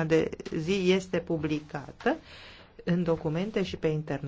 ordinea de zi este publicată în documente și pe internet.